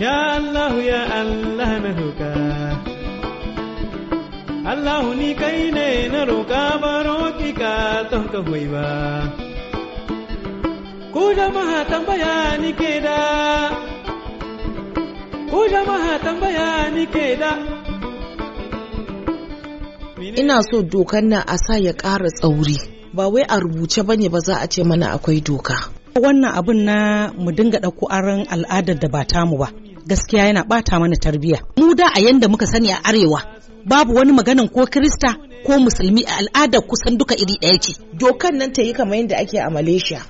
Ya Allah ya Allah na roƙa Allah ni kai ne na roƙa baro ki ka ton ka ba Ku jama'a tambaya ni ke da Ku jama'a tambaya ni da ina so dokan nan a sa ya ƙara tsauri ba wai a rubuce bane ba za a ce mana akwai doka wannan abin na mu dinga ɗauko aron al'adar da ba tamu ba gaskiya yana bata mana tarbiya mu da a yanda muka sani a arewa babu wani maganan ko Kirista ko musulmi a al'adar kusan duka iri ɗaya ce dokan nan ta yi kamar yadda ake a malaysia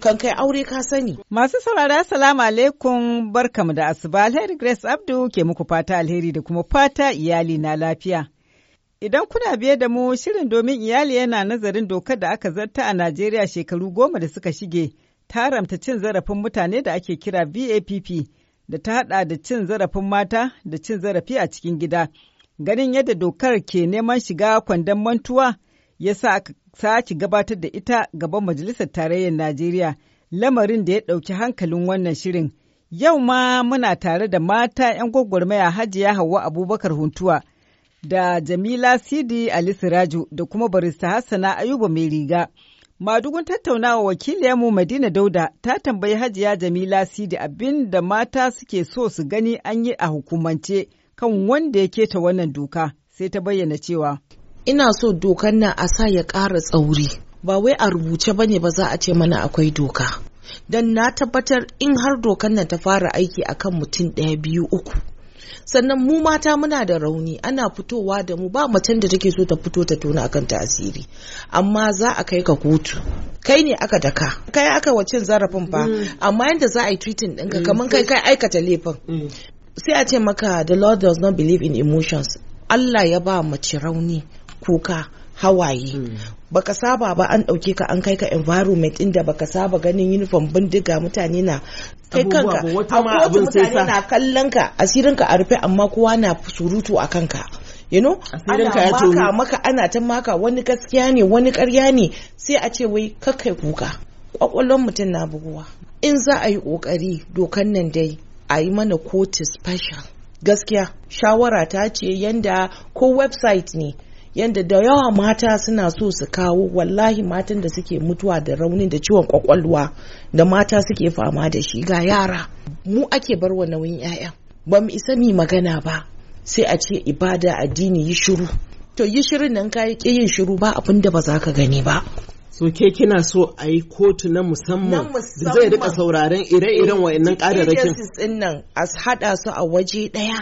kan kai aure ka sani. Masu saurara salamu alaikum barkamu da asuba alheri Grace Abdu ke muku fata alheri da kuma fata iyali na lafiya. Idan kuna biye da mu shirin domin iyali yana nazarin dokar da aka zarta a Najeriya shekaru goma da suka shige ta haramta cin zarafin mutane da ake kira BAPP. da ta hada da cin zarafin mata da cin zarafi a cikin gida. Ganin yadda dokar ke neman shiga kwandon mantuwa ya sa aka sake gabatar da ita gaban Majalisar Tarayyar Najeriya, lamarin da ya ɗauki hankalin wannan shirin. Yau ma muna tare da mata 'yan gwagwarmaya Hajiya Hauwa Abubakar Huntuwa da Jamila Sidi Ali Siraju da kuma barista Hassana Ayuba Mai Riga. Madugun tattaunawa wakiliyarmu Madina Dauda ta tambayi Hajiya Jamila Sidi abin da mata suke so su gani an yi a hukumance kan wanda ya keta wannan doka sai ta bayyana cewa. Ina so dokan nan a sa ya ƙara tsauri ba wai a rubuce ba ne ba za a ce mana akwai doka. Don na tabbatar in har dokan nan ta fara aiki akan mutum ɗaya biyu uku sannan mu mata muna da rauni ana fitowa da mu ba macen da take so ta fito ta tona akan ta asiri amma za a kai ka kotu kai ne aka daka kai aka wacin zarafin fa mm. amma yanda za a yi treating dinka mm. kamar kai kai aikata laifin mm. sai a ce maka the lord does not believe in emotions Allah ya ba mace rauni kuka hawaye baka saba ba an dauke ka an kai ka environment inda baka saba ganin uniform bindiga mutane na kai kanka a kotu mutane na kallon ka asirin ka a rufe amma kowa na surutu a kanka you know ana maka maka ana ta maka wani gaskiya ne wani karya ne sai a ce wai kakai kuka kwakwalon mutum na buguwa in za a yi kokari dokan nan dai a yi mana kotu special gaskiya shawara ta ce yanda ko website ne yadda da yawa mata suna so su kawo wallahi matan da suke mutuwa da rauni da ciwon kwakwalwa da mata suke fama da shi ga yara mu ake bar wa nauyin 'ya'ya ba mu isa mi magana ba sai a ce ibada addini yi shiru to yi shirin nan kayi yin shiru ba abinda da ba za ka gani ba so ke kina so a yi kotu na musamman zai rika sauraren ire-iren wayannan agencies din nan a hada su a waje daya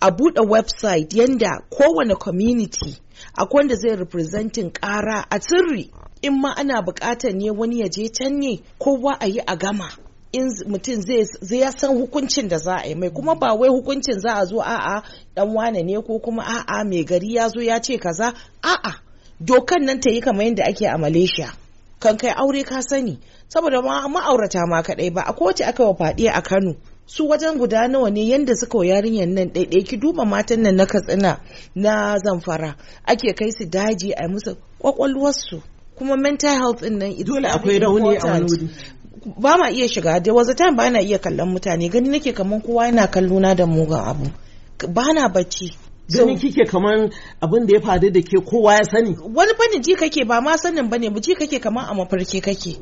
a buɗe website yanda kowane community akwai wanda zai representing ƙara a sirri in ma ana bukatar ne wani ya je can ne kowa a yi a gama in mutum zai ya san hukuncin da za a yi mai kuma ba wai hukuncin za a zo a'a dan wane ne ko kuma a'a mai gari ya zo ya ce kaza a'a dokan nan ta yi kamar yadda ake a malaysia kan kai aure ka sani saboda ma ma'aurata ma kaɗai ba a kowace aka wa faɗi a kano su wajen guda nawa ne yadda suka yarinyar nan ɗaiɗai ki duba matan nan na katsina na zamfara ake kai su daji a musu kwakwalwarsu kuma mental health din nan dole akwai rauni a wani wuri ba ma iya shiga da wasu ta ba na iya kallon mutane gani nake kaman kowa yana kallona da mugun abu ba na bacci gani kike kaman abin da ya faru da ke kowa ya sani wani bane ji kake ba ma sanin bane ba ji kake kaman a mafarki kake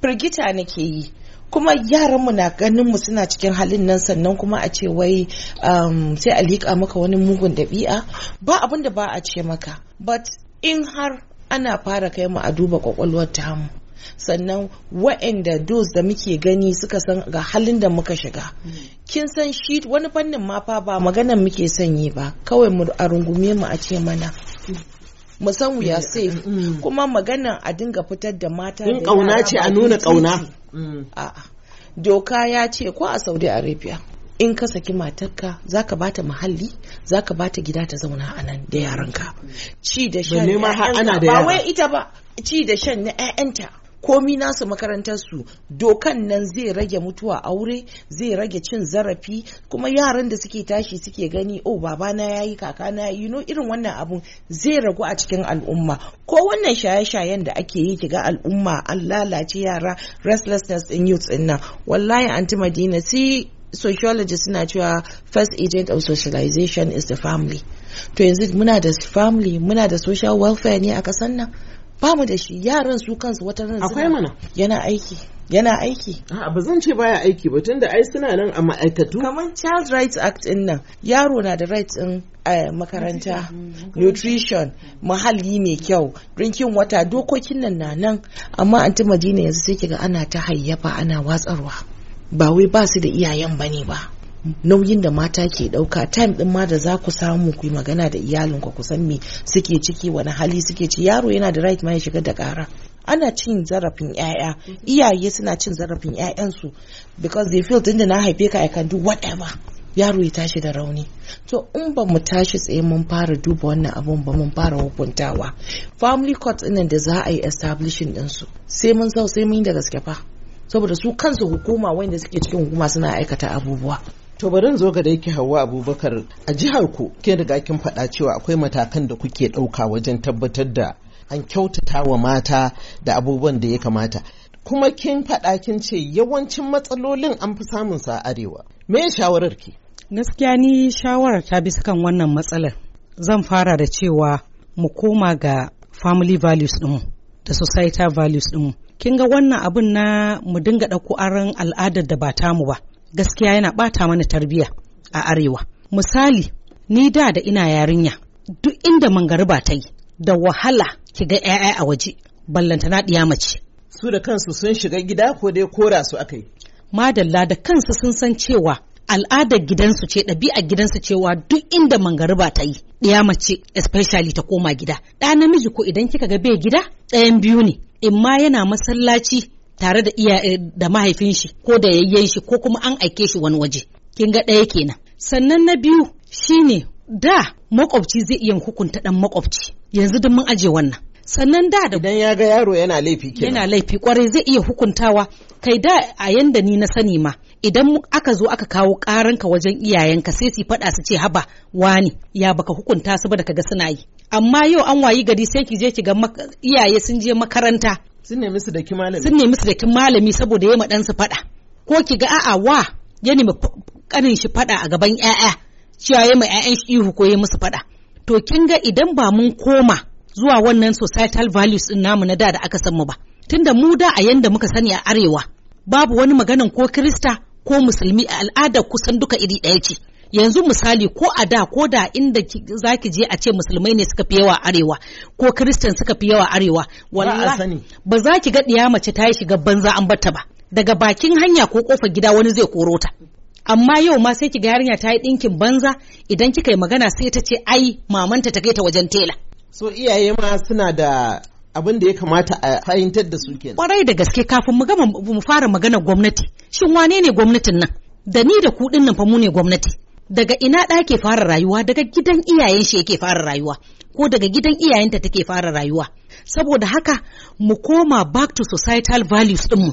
firgita nake yi kuma yaranmu na ganin mu suna cikin halin nan sannan kuma a ce wai um, sai a liƙa maka wani mugun ɗabi'a ba abin da ba a ce maka but in har ana fara kai mu a duba kwakwalwar tamu sannan wa'anda dos da muke gani suka san ga halin da muka shiga hmm. kin san shi wani fannin ma fa ba maganan muke sanyi ba kawai mu a rungume mu a ce mana mu san we are hmm. Hmm. kuma maganan a dinga fitar da mata in kauna ce a nuna kauna a doka ya ce ko a Saudi Arabia in ka saki matarka za ka bata muhalli za ka bata gida ta zauna a nan da yaranka ci da shan ba wai ita ba ci da shan na 'ya'yanta komi nasu makarantarsu dokan nan zai rage mutuwa aure zai rage cin zarafi kuma yaran da suke tashi suke gani oh babana ya yi na yi no irin wannan abun zai ragu a cikin al'umma ko wannan shaye-shayen da ake yi kiga al'umma an lalace yara restlessness in youth din nan wallahi anti madina si sociologist suna cewa first agent of socialization is the family to yanzu muna da family muna da social welfare ne a kasan nan bamu da shi yaran su kansu wata ran akwai mana yana aiki yana aiki a ba zan ce baya aiki ba tunda ai suna nan a ma'aikatu kamar child rights act din nan yaro na da rights din eh, makaranta nutrition muhalli mai kyau drinking wata dokokin nan na nan amma anti madina yanzu sai kiga ana ta hayyafa ana watsarwa ba wai ba su da iyayen bane ba nauyin da mata ke ɗauka time din ma da za ku samu ku magana da iyalinku ku san me suke ciki wani hali suke ci yaro yana da right ma ya shiga da kara ana cin zarafin yaya iyaye suna cin zarafin yayansu because they feel tunda na haife ka i can do whatever yaro ya tashi da rauni to in ba mu tashi tsaye mun fara duba wannan abun ba mun fara hukuntawa family court ɗinnan da za a yi establishing ɗinsu sai mun sau sai mun yi da gaske fa saboda su kansu hukuma wanda suke cikin hukuma suna aikata abubuwa To bari zo ga dai yake Hauwa Abubakar a jihar ku kin riga kin faɗa cewa akwai matakan da kuke ɗauka wajen tabbatar da an kyautata wa mata da abubuwan da ya kamata. Kuma kin faɗa kin ce yawancin matsalolin an fi samun sa arewa. Me shawarar ki? Gaskiya ni shawara ta bi sukan wannan matsalar. Zan fara da cewa mu koma ga family values ɗinmu da societal values ɗinmu. Kin ga wannan abun na mu dinga ɗauko aran al'adar da ba ta mu ba. gaskiya yana bata mana tarbiya a arewa misali ni da da ina yarinya duk inda mangariba ta yi da wahala ki ga 'ya'ya a waje ballanta na diya mace su da kansu sun shiga gida ko dai kora su aka yi madalla da kansu sun san cewa al'adar gidansu ce ɗabi'ar gidansu cewa duk inda mangariba ta yi ɗaya mace especially ta koma gida ɗa namiji ko idan kika ga bai gida ɗayan biyu ne in ma yana masallaci tare da iya da mahaifin shi ko da yayyen shi ko kuma an aike shi wani waje kin ga ɗaya kenan sannan na biyu shine da makwabci zai iya hukunta dan makwabci yanzu duk mun aje wannan sannan da da idan ya ga yaro yana laifi kenan yana laifi kwarai zai iya hukuntawa kai da a yanda ni na sani ma idan aka zo aka kawo karanka wajen iyayenka sai su faɗa su ce haba wani ya baka hukunta su ba da kaga suna yi amma yau an wayi gari sai ki je ki ga iyaye sun je makaranta sun nemi su da malami malami saboda ya su faɗa ko ki ga a'a wa ya nemi kanin shi faɗa a gaban 'ya'ya cewa ya ma ‘ya’yan shi ihu ko ya musu faɗa to kin ga idan ba mun koma zuwa wannan societal values din namu na da da aka san mu ba tunda mu da a yanda muka sani a arewa babu wani maganan ko kirista ko musulmi a al'adar kusan duka iri ɗaya ce yanzu misali ko a da ko da inda za ki je a ce musulmai ne suka fi yawa arewa ko kristan suka fi yawa arewa wallahi ba za ki ga ɗiya mace ta yi shiga banza an bata ba daga bakin hanya ko kofar gida wani zai koro ta amma yau ma sai ki ga yarinya ta yi ɗinkin banza idan kika yi magana sai ta ce ai mamanta ta kai ta wajen tela so iyaye ma suna da abin da ya kamata a fahimtar da su kenan kwarai da gaske kafin mu gama mu fara magana gwamnati shin wane ne gwamnatin nan da ni da ku nan fa mu ne gwamnati daga ina ɗa ke fara rayuwa daga gidan iyayen shi yake fara rayuwa ko daga gidan iyayenta take fara rayuwa saboda haka mu koma back to societal values ɗinmu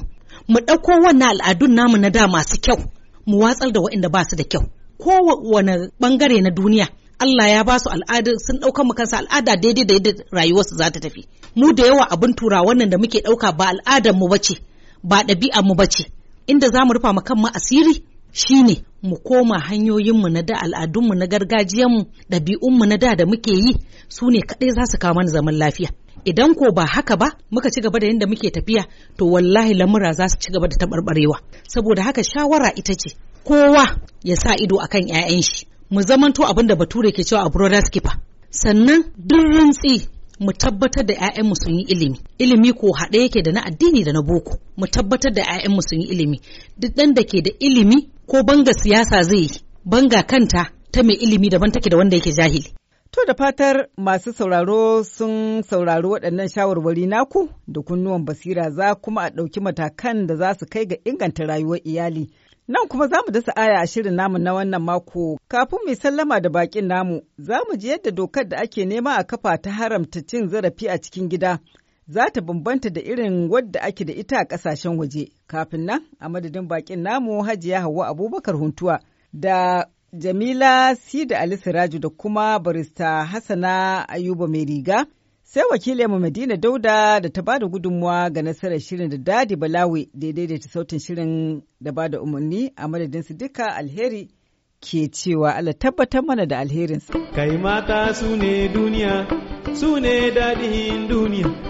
mu ɗauko wannan al'adun namu na da masu kyau mu watsar da waɗanda ba su da kyau kowane ɓangare na duniya Allah ya ba su al'ada sun ɗauka mu kansa al'ada daidai da yadda rayuwarsu za ta tafi mu da yawa abin tura wannan da muke ɗauka ba al'adar mu bace ba ɗabi'ar mu bace inda za mu rufa mu kanmu asiri Shi ne mu koma hanyoyinmu na da al'adunmu na gargajiyanmu ɗabi'unmu na da da muke yi su ne kaɗai za su kawo mana zaman lafiya idan ko ba haka ba muka ci gaba da yadda muke tafiya to wallahi lamura za su ci gaba da taɓarɓarewa saboda haka shawara ita ce kowa ya sa ido a kan 'ya'yan shi mu zamanto abin da bature ke cewa a brothers keeper sannan duk rantsi mu tabbatar da 'ya'yanmu sun yi ilimi ilimi ko haɗe yake da na addini da na boko mu tabbatar da 'ya'yanmu sun yi ilimi duk ɗan da ke da ilimi ko banga siyasa zai banga kanta ta mai ilimi daban take da wanda yake jahili. To da fatar masu sauraro sun saurari waɗannan shawarwari naku da kunnuwan basira za kuma a ɗauki matakan da za su kai ga inganta rayuwar iyali. Nan kuma za mu dasa aya a shirin namu na wannan mako. Kafin mu sallama da bakin namu, za mu ji yadda dokar da ake nema a kafa ta haramta cin zarafi a cikin gida za ta bambanta da irin wadda ake da ita a kasashen waje. Kafin nan, a madadin bakin namu Hajiya Hauwa Abubakar Huntuwa da Jamila Sida Ali Siraju da kuma barista Hassana Ayuba Mai Riga. Sai wakilinmu Madina Dauda da ta bada gudunmuwa ga nasarar shirin da Dadi Balawi daidai da sautin shirin da bada umarni a madadin su duka alheri ke cewa Allah tabbatar mana da alherinsa. Kai mata duniya, su ne duniya.